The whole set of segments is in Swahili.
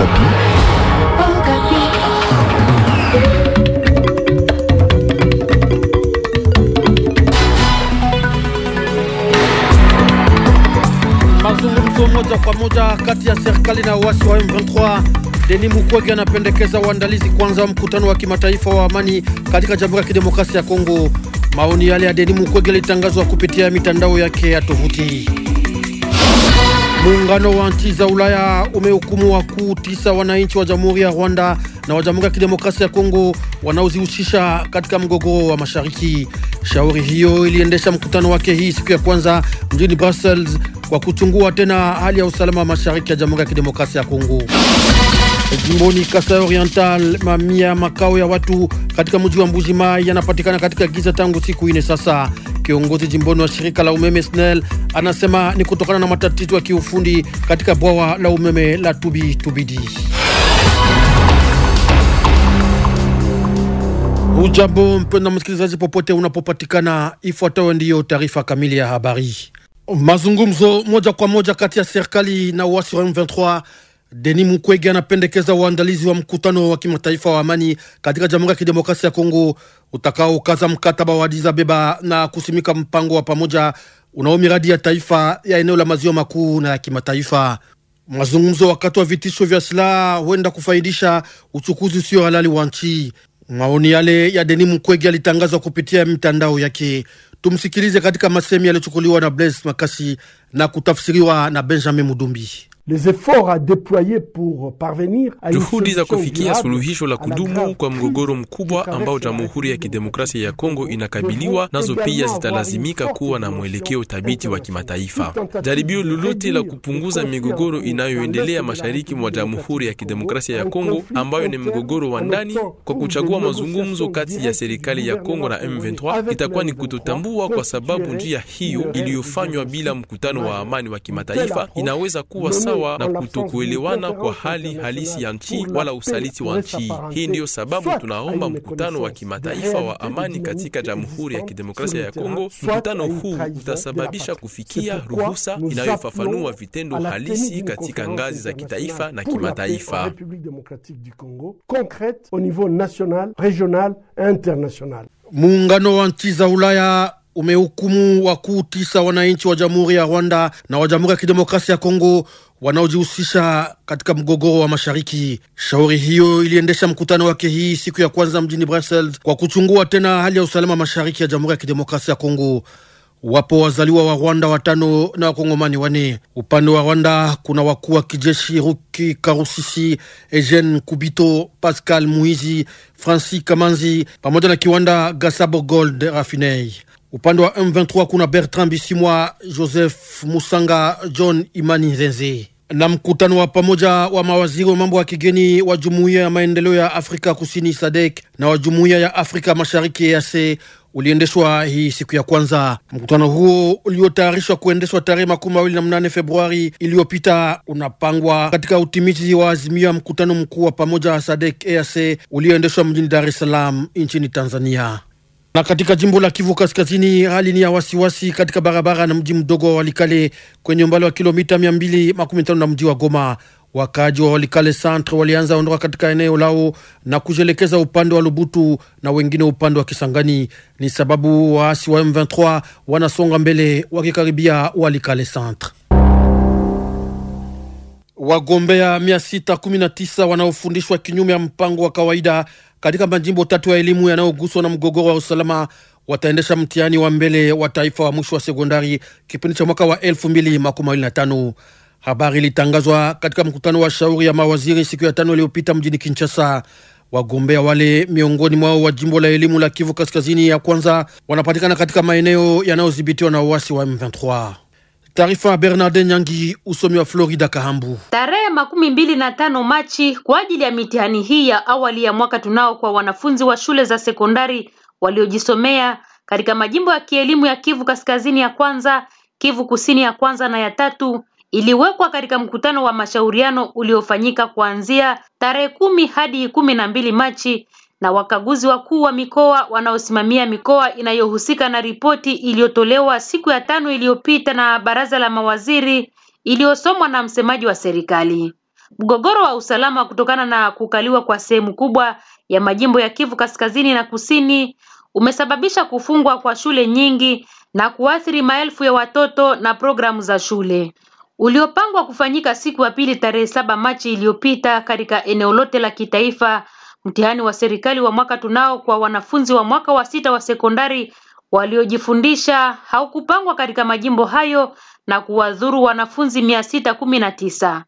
Okapi. Mazungumzo moja kwa moja kati ya serikali na wasi wa M23. Deni Mukwege anapendekeza uandalizi kwanza mkutano wa kimataifa wa amani katika Jamhuri ya Kidemokrasia ya Kongo. Maoni yale ya Deni Mukwege litangazwa kupitia mitandao yake ya tovuti. Muungano wa nchi za Ulaya umehukumu wakuu tisa wananchi wa Jamhuri ya Rwanda na wa Jamhuri ya Kidemokrasia ya Kongo wanaozihusisha katika mgogoro wa mashariki. Shauri hiyo iliendesha mkutano wake hii siku ya kwanza mjini Brussels kwa kuchungua tena hali ya usalama wa mashariki ya Jamhuri ya Kidemokrasia ya Kongo. Jimboni Kasai Oriental, mamia makao ya watu katika mji wa mai yanapatikana katika giza tangu siku ine sasa. Kiongozi jimboni wa shirika la umeme SNEL anasema ni kutokana na matatizo ya kiufundi katika bwawa la umeme la Tubi Tubidi. Ujambo mpenda msikilizaji, popote unapopatikana, ifuatayo ndiyo taarifa kamili ya habari. Mazungumzo moja kwa moja kati ya serikali na uasi wa M23 Denis Mukwege anapendekeza uandalizi wa mkutano wa kimataifa wa amani katika Jamhuri ya Kidemokrasia ya Kongo utakaokaza mkataba wa Addis Ababa na kusimika mpango wa pamoja unao miradi ya taifa ya eneo la maziwa makuu na ya kimataifa. Mazungumzo wakati wa vitisho vya silaha huenda kufaidisha uchukuzi usio halali wa nchi. Maoni yale ya Denis Mukwege yalitangazwa kupitia mitandao yake. Tumsikilize katika masemi yaliyochukuliwa na Blaise Makasi na kutafsiriwa na Benjamin Mudumbi les efforts à déployer pour parvenir à juhudi za kufikia suluhisho la kudumu kwa mgogoro mkubwa ambao Jamhuri ya Kidemokrasia ya Kongo inakabiliwa nazo pia zitalazimika kuwa na mwelekeo thabiti wa kimataifa. Jaribio lolote la kupunguza migogoro inayoendelea mashariki mwa Jamhuri ya Kidemokrasia ya Kongo, ambayo ni mgogoro wa ndani, kwa kuchagua mazungumzo kati ya serikali ya Kongo na M23 itakuwa ni kutotambua, kwa sababu njia hiyo iliyofanywa bila mkutano wa amani wa kimataifa inaweza kuwa sawa usawa na kutokuelewana kwa hali halisi ya nchi wala usaliti wa nchi. Hii ndiyo sababu tunaomba mkutano wa kimataifa wa amani katika Jamhuri ya Kidemokrasia ya Kongo. Mkutano huu utasababisha kufikia ruhusa inayofafanua vitendo halisi katika ngazi za kitaifa na kimataifa. Muungano wa nchi za Ulaya umehukumu wakuu tisa wananchi wa Jamhuri ya Rwanda na wa Jamhuri ya Kidemokrasia ya Kongo wanaojihusisha katika mgogoro wa mashariki. Shauri hiyo iliendesha mkutano wake hii siku ya kwanza mjini Brussels kwa kuchungua tena hali ya usalama mashariki ya Jamhuri ya Kidemokrasia ya Kongo. Wapo wazaliwa wa Rwanda watano na wakongomani wane. Upande wa Rwanda kuna wakuu wa kijeshi Ruki Karusisi, Eugene Kubito, Pascal muizi Francis Kamanzi pamoja na kiwanda Gasabo Gold Rafinei. Upande wa M23 kuna Bertrand Bisimwa, Joseph Musanga, John Imani Nzenze na mkutano wa pamoja wa mawaziri wa mambo ya kigeni wa Jumuiya ya Maendeleo ya Afrika Kusini SADC na wa Jumuiya ya Afrika Mashariki EAC uliendeshwa hii siku ya kwanza. Mkutano huo uliotayarishwa kuendeshwa tarehe makumi mawili na mnane Februari iliyopita unapangwa katika utimizi wa azimio ya mkutano mkuu wa pamoja wa SADC EAC ulioendeshwa mjini Dar es Salaam nchini Tanzania. Na katika jimbo la Kivu Kaskazini, hali ni ya wasiwasi katika barabara na mji mdogo wa Walikale kwenye umbali wa kilomita 215 na mji wa Goma. Wakaaji wa Walikale centre walianza ondoka katika eneo lao na kujielekeza upande wa Lubutu na wengine upande wa Kisangani. Ni sababu waasi wa M23 wanasonga mbele wakikaribia Walikale centre. Wagombea 619 wanaofundishwa kinyume ya mpango wa kawaida katika majimbo tatu ya elimu yanayoguswa na mgogoro wa usalama wataendesha mtihani wa mbele wa taifa wa mwisho wa sekondari kipindi cha mwaka wa 2025. Habari ilitangazwa katika mkutano wa shauri ya mawaziri siku ya tano iliyopita mjini Kinshasa. Wagombea wale miongoni mwao wa jimbo la elimu la Kivu Kaskazini ya kwanza wanapatikana katika maeneo yanayodhibitiwa na uasi wa M23. Taarifa Bernarde Nyangi, usomi wa Florida Kahambu. Tarehe makumi mbili na tano Machi kwa ajili ya mitihani hii ya awali ya mwaka tunao kwa wanafunzi wa shule za sekondari waliojisomea katika majimbo ya kielimu ya Kivu Kaskazini ya kwanza, Kivu Kusini ya kwanza na ya tatu iliwekwa katika mkutano wa mashauriano uliofanyika kuanzia tarehe kumi hadi kumi na mbili Machi na wakaguzi wakuu wa mikoa wanaosimamia mikoa inayohusika na ripoti iliyotolewa siku ya tano iliyopita na baraza la mawaziri iliyosomwa na msemaji wa serikali. Mgogoro wa usalama kutokana na kukaliwa kwa sehemu kubwa ya majimbo ya Kivu Kaskazini na Kusini umesababisha kufungwa kwa shule nyingi na kuathiri maelfu ya watoto na programu za shule. Uliopangwa kufanyika siku ya pili tarehe saba Machi iliyopita katika eneo lote la kitaifa Mtihani wa serikali wa mwaka tunao kwa wanafunzi wa mwaka wa sita wa sekondari waliojifundisha haukupangwa katika majimbo hayo na kuwadhuru wanafunzi mia sita kumi na tisa.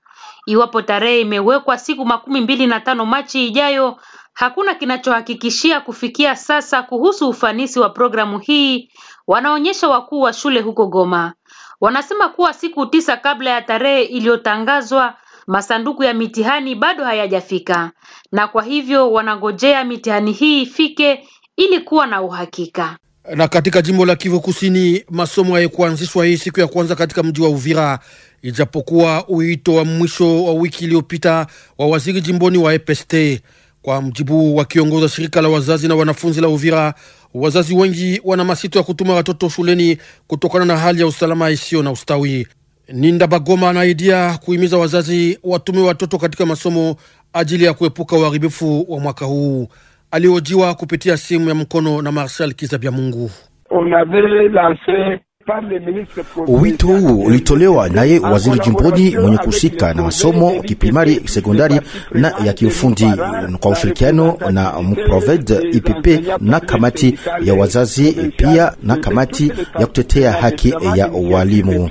Iwapo tarehe imewekwa siku makumi mbili na tano Machi ijayo, hakuna kinachohakikishia kufikia sasa kuhusu ufanisi wa programu hii, wanaonyesha wakuu wa shule huko Goma. Wanasema kuwa siku tisa kabla ya tarehe iliyotangazwa Masanduku ya mitihani bado hayajafika na kwa hivyo wanangojea mitihani hii ifike ili kuwa na uhakika. Na katika jimbo la Kivu Kusini, masomo hayakuanzishwa hii siku ya kwanza katika mji wa Uvira, ijapokuwa uito wa mwisho wa wiki iliyopita wa waziri jimboni wa EPST. Kwa mjibu wa kiongoza shirika la wazazi na wanafunzi la Uvira, wazazi wengi wana masito ya kutuma watoto shuleni kutokana na hali ya usalama isiyo na ustawi. Ninda Bagoma anaidia kuhimiza wazazi watume watoto katika masomo ajili ya kuepuka uharibifu wa mwaka huu. Aliojiwa kupitia simu ya mkono na Marcel Kizabya Mungu. Wito huu ulitolewa naye waziri jimboni mwenye kuhusika na masomo kiprimari, sekondari na ya kiufundi kwa ushirikiano na Mproved IPP na kamati ya wazazi pia na kamati ya kutetea haki ya walimu.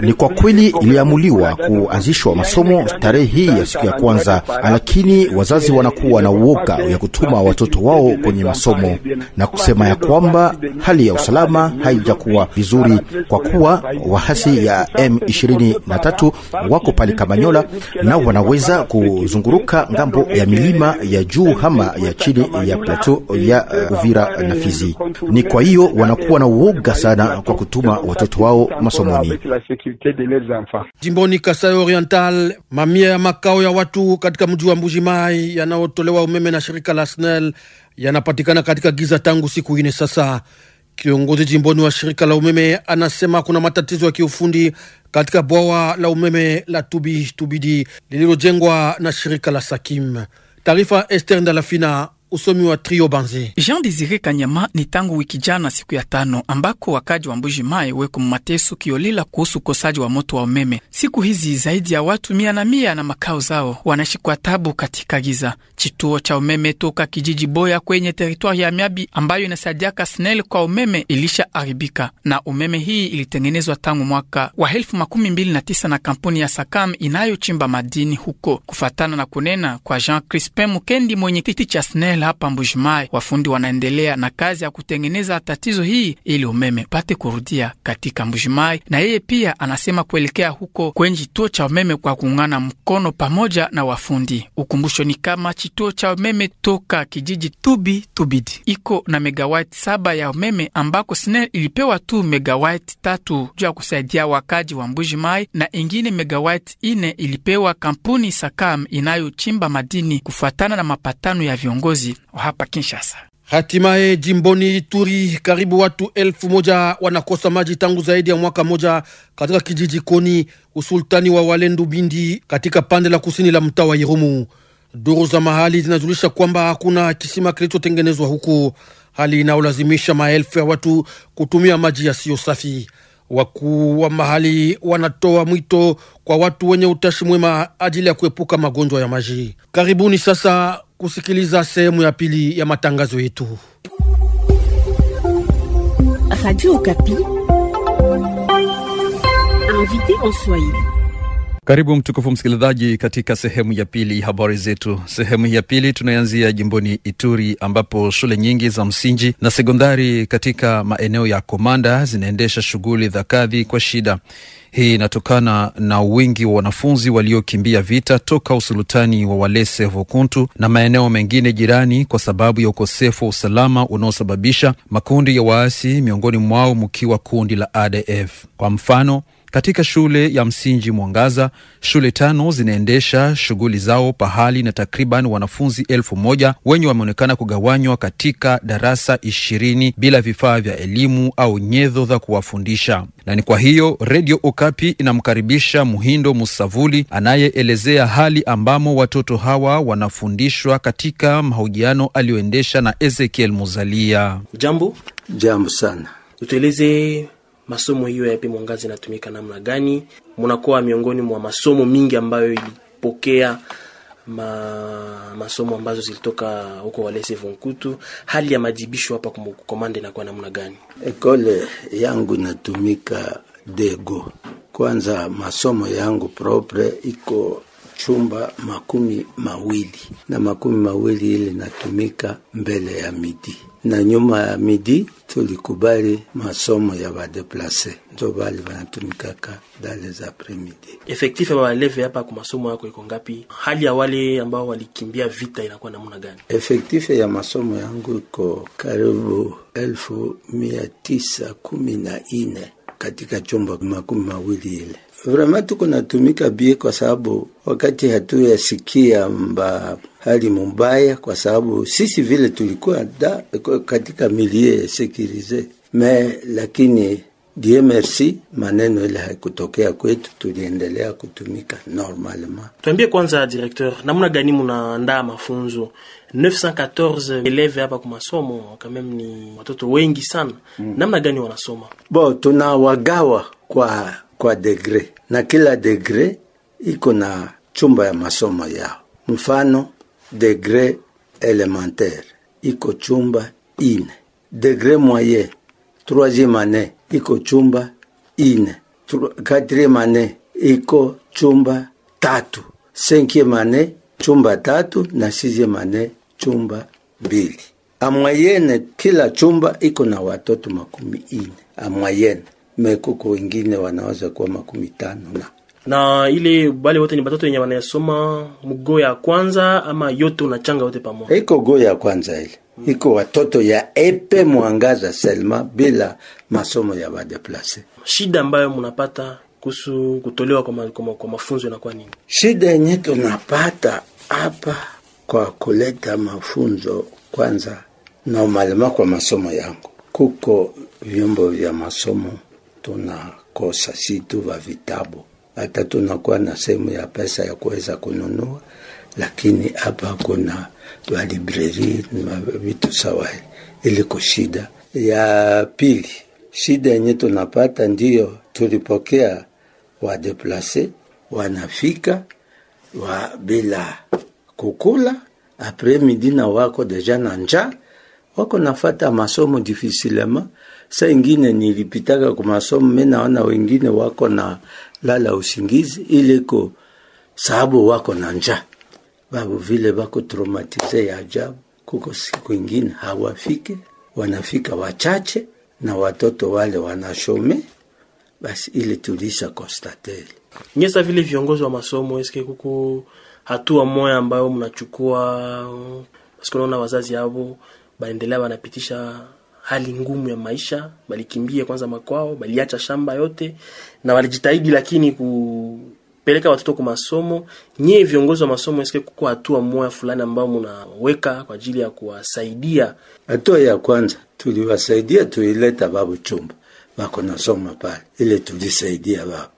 Ni kwa kweli iliamuliwa kuanzishwa masomo tarehe hii ya siku ya kwanza, lakini wazazi wanakuwa na uoga ya kutuma watoto wao kwenye masomo na kusema ya kwamba hali ya usalama haijakuwa vizuri magharibi, kwa kuwa wahasi ya M23 wako pale Kamanyola na wanaweza kuzunguruka ngambo ya milima ya juu hama ya chini ya plateau ya uh, Uvira na Fizi. Ni kwa hiyo wanakuwa na uoga sana kwa kutuma watoto wao masomoni. Jimboni Kasai Oriental, mamia ya makao ya watu katika mji wa Mbujimai yanayotolewa umeme na shirika la SNEL yanapatikana katika giza tangu siku ine sasa. Kiongozi jimboni wa shirika la umeme anasema kuna matatizo ya kiufundi katika bwawa la umeme la Tubi Tubidi lililojengwa na shirika la Sakim. Taarifa Esther Ndalafina usomi wa Trio Banze. Jean Desire Kanyama ni tangu wiki jana siku ya tano ambako wakaji wa Mbuji Mai weko mateso kiolela kuhusu ukosaji wa moto wa umeme. Siku hizi zaidi ya watu mia na mia na makao zao wanaishi kwa tabu katika giza. Chituo cha umeme toka kijiji Boya kwenye teritwari ya Miabi ambayo inasadiaka SNEL kwa umeme ilisha aribika na umeme hii ilitengenezwa tangu mwaka wa elfu makumi mbili na tisa na kampuni ya Sakam inayochimba madini huko, kufatana na kunena kwa Jean Crispin Mukendi, mwenyekiti cha SNEL. Ila hapa Mbujimai wafundi wanaendelea na kazi ya kutengeneza tatizo hii ili umeme pate kurudia katika Mbujimai, na yeye pia anasema kuelekea huko kwenye kituo cha umeme kwa kuungana mkono pamoja na wafundi. Ukumbusho ni kama kituo cha umeme toka kijiji Tubi Tubidi iko na megawati saba ya umeme ambako SNEL ilipewa tu megawati tatu juu ya kusaidia wakaji wa Mbujimai na ingine megawati ine ilipewa kampuni Sakam inayochimba madini kufuatana na mapatano ya viongozi uchaguzi hapa Kinshasa. Hatimaye jimboni Ituri, karibu watu elfu moja wanakosa maji tangu zaidi ya mwaka moja katika kijiji Koni, usultani wa Walendu Bindi, katika pande la kusini la mtaa wa Irumu. Duru za mahali zinajulisha kwamba hakuna kisima kilichotengenezwa huku, hali inayolazimisha maelfu ya watu kutumia maji yasiyo safi. Wakuu wa mahali wanatoa mwito kwa watu wenye utashi mwema ajili ya kuepuka magonjwa ya maji. Karibuni sasa kusikiliza sehemu ya pili ya matangazo yetu. Karibu mtukufu msikilizaji, katika sehemu ya pili habari zetu. Sehemu ya pili tunaanzia jimboni Ituri ambapo shule nyingi za msingi na sekondari katika maeneo ya Komanda zinaendesha shughuli za kadhi kwa shida. Hii inatokana na wingi wa wanafunzi waliokimbia vita toka usultani wa Walese Vokuntu na maeneo mengine jirani kwa sababu ya ukosefu wa usalama unaosababisha makundi ya waasi, miongoni mwao mkiwa kundi la ADF. Kwa mfano katika shule ya msingi Mwangaza, shule tano zinaendesha shughuli zao pahali na takriban wanafunzi elfu moja wenye wameonekana kugawanywa katika darasa ishirini bila vifaa vya elimu au nyedho za kuwafundisha. Na ni kwa hiyo Redio Okapi inamkaribisha Muhindo Musavuli anayeelezea hali ambamo watoto hawa wanafundishwa katika mahojiano aliyoendesha na Ezekiel Muzalia. Jambo, jambo sana, tutueleze masomo hiyo ya Pimo Ngazi inatumika namna gani? Mnakuwa miongoni mwa masomo mingi ambayo ilipokea ma, masomo ambazo zilitoka huko Walese Vonkutu. Hali ya majibisho hapa kukomanda inakuwa namna gani? Ekole yangu inatumika dego kwanza, masomo yangu propre iko chumba makumi mawili na makumi mawili ile natumika mbele ya midi na nyuma ya midi tulikubali masomo ya badeplase ndo bali banatumikaka dale za premidi. Efektif ya baleve hapa ku masomo yako iko ngapi? Hali ya wale ambao walikimbia vita inakuwa namuna gani? Efektif ya masomo yangu iko karibu elfu mia tisa kumi na ine katika chumba makumi mawili ile Vrema tuko natumika bie kwa sababu wakati hatuyasikia mba hali mumbaya kwa sababu sisi vile tulikuwa da, katika milie sekirize me, lakini die merci, maneno ile haikutokea kwetu, tuliendelea kutumika normalement. Tuambie kwanza, directeur, namna gani munaandaa mafunzo 914 eleve hapa kwa masomo kamem, ni watoto wengi sana mm. Namna gani wanasoma? Bo, tunawagawa kwa kwa degre, na kila degre iko na chumba ya masomo yao. Mfano, degre elementaire iko chumba ine, degre moye troisieme ane iko chumba ine, quatrieme ane iko chumba tatu, cinquieme ane chumba tatu na sixieme ane chumba mbili. Amwayene kila chumba iko na watoto makumi ine amwayene mekuku wengine wanaweza kuwa makumi tano na na ile bale wote ni batoto yenye wanayasoma mgo ya kwanza ama yote unachanga yote pamoja, iko go ya kwanza ile hmm. iko watoto ya epe mwangaza selma bila masomo ya wadeplase. Shida ambayo mnapata kuhusu kutolewa kwa, ma, kwa, ma, kwa mafunzo inakuwa nini? Shida yenye tunapata hapa kwa kuleta mafunzo kwanza na umalema kwa masomo yangu, kuko vyombo vya masomo tunakosa, si tu wa vitabu, hata tunakuwa na sehemu ya pesa ya kuweza kununua, lakini hapa kuna walibreri na vitu sawa, iliko shida ya pili. Shida yenye tunapata ndio tulipokea wadeplace wanafika wa bila kukula apres midi na wako deja na njaa, wako nafata masomo difisilema Sa ingine nilipitaka mi naona wengine wako na lala usingizi iliko sababu wako na njaa, babu vile bako traumatize ya ajabu. Kuko siku ingine hawafike, wanafika wachache na watoto wale wanashome. Basi ili tulisha konstateli nyesa vile viongozi wa masomo eske kuko hatua moya ambayo mnachukua, basi kunaona wazazi avo baendelea wanapitisha hali ngumu ya maisha, walikimbia kwanza makwao, waliacha shamba yote na walijitahidi, lakini kupeleka watoto kwa masomo. Nyie viongozi wa masomo, esike kuko hatua moja fulani ambao mnaweka kwa ajili ya kuwasaidia? Hatua ya kwanza tuliwasaidia, tuileta babu chumba bako nasoma pale, ile tulisaidia babu.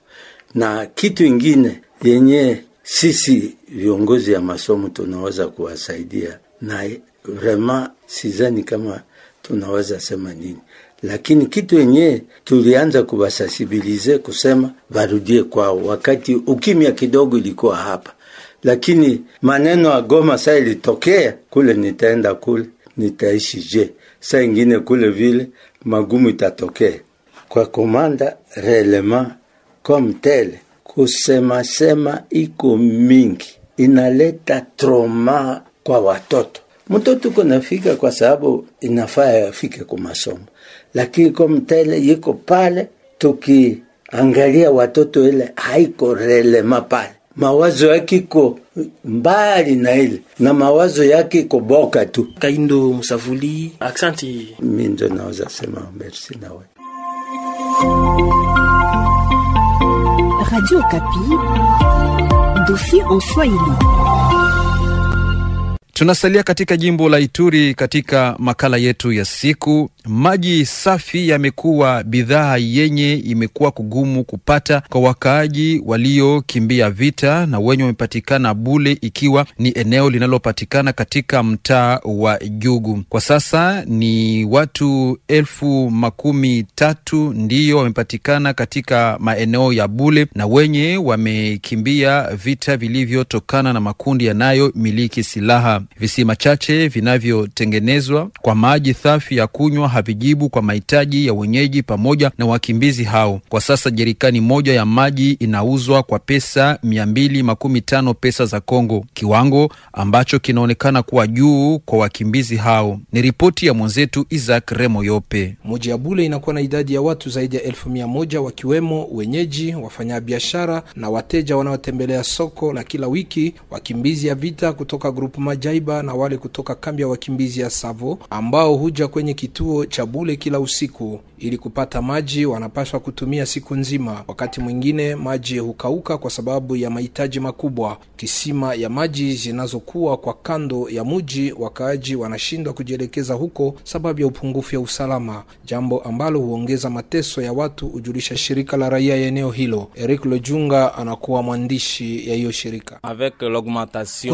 Na kitu ingine yenye sisi viongozi ya masomo tunaweza kuwasaidia na vraiment sizani kama tunaweza sema nini, lakini kitu yenyewe tulianza kuwasasibilize kusema barudie kwao, wakati ukimya kidogo ilikuwa hapa, lakini maneno ya Goma saa ilitokea kule, nitaenda kule nitaishi je? Saa ingine kule vile magumu itatokea kwa komanda relema komtele kusemasema iko mingi inaleta troma kwa watoto Mtoto uko nafika kwa sababu inafaa afike kwa masomo, lakini komtele yiko pale, tukiangalia watoto ile haiko relema pale, mawazo yake iko mbali na ile na mawazo yake iko boka tu. Kaindo Musavuli, aksanti. Mimi ndo naweza sema merci nawe. Radio Kapi, dossier en Swahili. Tunasalia katika jimbo la Ituri katika makala yetu ya siku. Maji safi yamekuwa bidhaa yenye imekuwa kugumu kupata kwa wakaaji waliokimbia vita na wenye wamepatikana Bule, ikiwa ni eneo linalopatikana katika mtaa wa Jugu. Kwa sasa ni watu elfu makumi tatu ndiyo wamepatikana katika maeneo ya Bule na wenye wamekimbia vita vilivyotokana na makundi yanayomiliki silaha. Visima chache vinavyotengenezwa kwa maji safi ya kunywa havijibu kwa mahitaji ya wenyeji pamoja na wakimbizi hao. Kwa sasa jerikani moja ya maji inauzwa kwa pesa mia mbili makumi tano pesa za Kongo, kiwango ambacho kinaonekana kuwa juu kwa wakimbizi hao. Ni ripoti ya mwenzetu Isaac Remoyope. Muji ya Bule inakuwa na idadi ya watu zaidi ya elfu mia moja wakiwemo wenyeji, wafanyabiashara na wateja wanaotembelea soko la kila wiki, wakimbizi ya vita kutoka grupu maja Jaiba na wale kutoka kambi ya wakimbizi ya Savo ambao huja kwenye kituo cha Bule kila usiku ili kupata maji. Wanapaswa kutumia siku nzima, wakati mwingine maji hukauka kwa sababu ya mahitaji makubwa. Kisima ya maji zinazokuwa kwa kando ya muji, wakaaji wanashindwa kujielekeza huko sababu ya upungufu ya usalama, jambo ambalo huongeza mateso ya watu, hujulisha shirika la raia ya eneo hilo. Eric Lojunga anakuwa mwandishi ya hiyo shirika.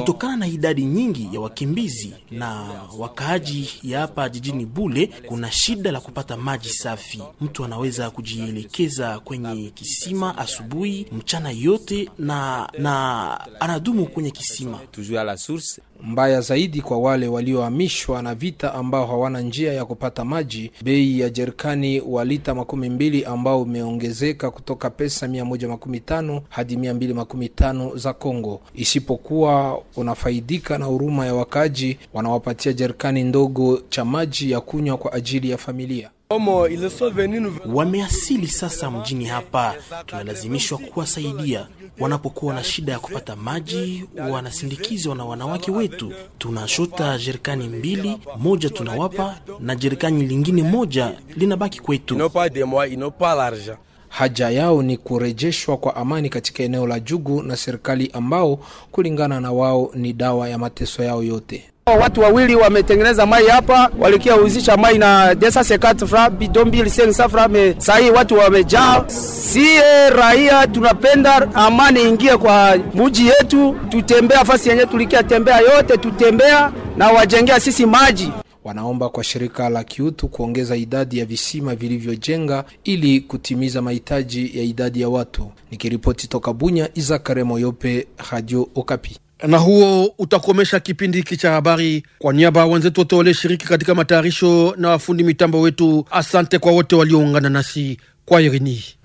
Kutokana na idadi nyingi ya wakimbizi na wakaaji ya hapa jijini Bule, kuna shida la kupata maji safi. Mtu anaweza kujielekeza kwenye kisima asubuhi, mchana yote na, na anadumu kwenye kisima mbaya zaidi kwa wale waliohamishwa na vita ambao hawana njia ya kupata maji. Bei ya jerikani wa lita makumi mbili ambao imeongezeka kutoka pesa mia moja makumi tano hadi mia mbili makumi tano za Kongo. Isipokuwa unafaidika na huruma ya wakaaji, wanawapatia jerikani ndogo cha maji ya kunywa kwa ajili ya familia. Wameasili sasa mjini hapa, tunalazimishwa kuwasaidia wanapokuwa na shida ya kupata maji. Wanasindikizwa na wanawake wetu, tunashota jerikani mbili, moja tunawapa na jerikani lingine moja linabaki kwetu. Haja yao ni kurejeshwa kwa amani katika eneo la Jugu na serikali ambao kulingana na wao ni dawa ya mateso yao yote. Watu wawili wametengeneza mai hapa, walikia uzisha mai na desa sekat fra bidon mbili sen safra me sahi, watu wamejaa. Sie raia tunapenda amani ingie kwa muji yetu, tutembea fasi yenye tulikia tembea yote tutembea na wajengea sisi maji. Wanaomba kwa shirika la kiutu kuongeza idadi ya visima vilivyojenga ili kutimiza mahitaji ya idadi ya watu. Nikiripoti toka Bunya, Izakare Moyope, Radio Okapi na huo utakomesha kipindi hiki cha habari. Kwa niaba ya wenzetu wote walioshiriki katika matayarisho na wafundi mitambo wetu, asante kwa wote walioungana nasi kwa Irini.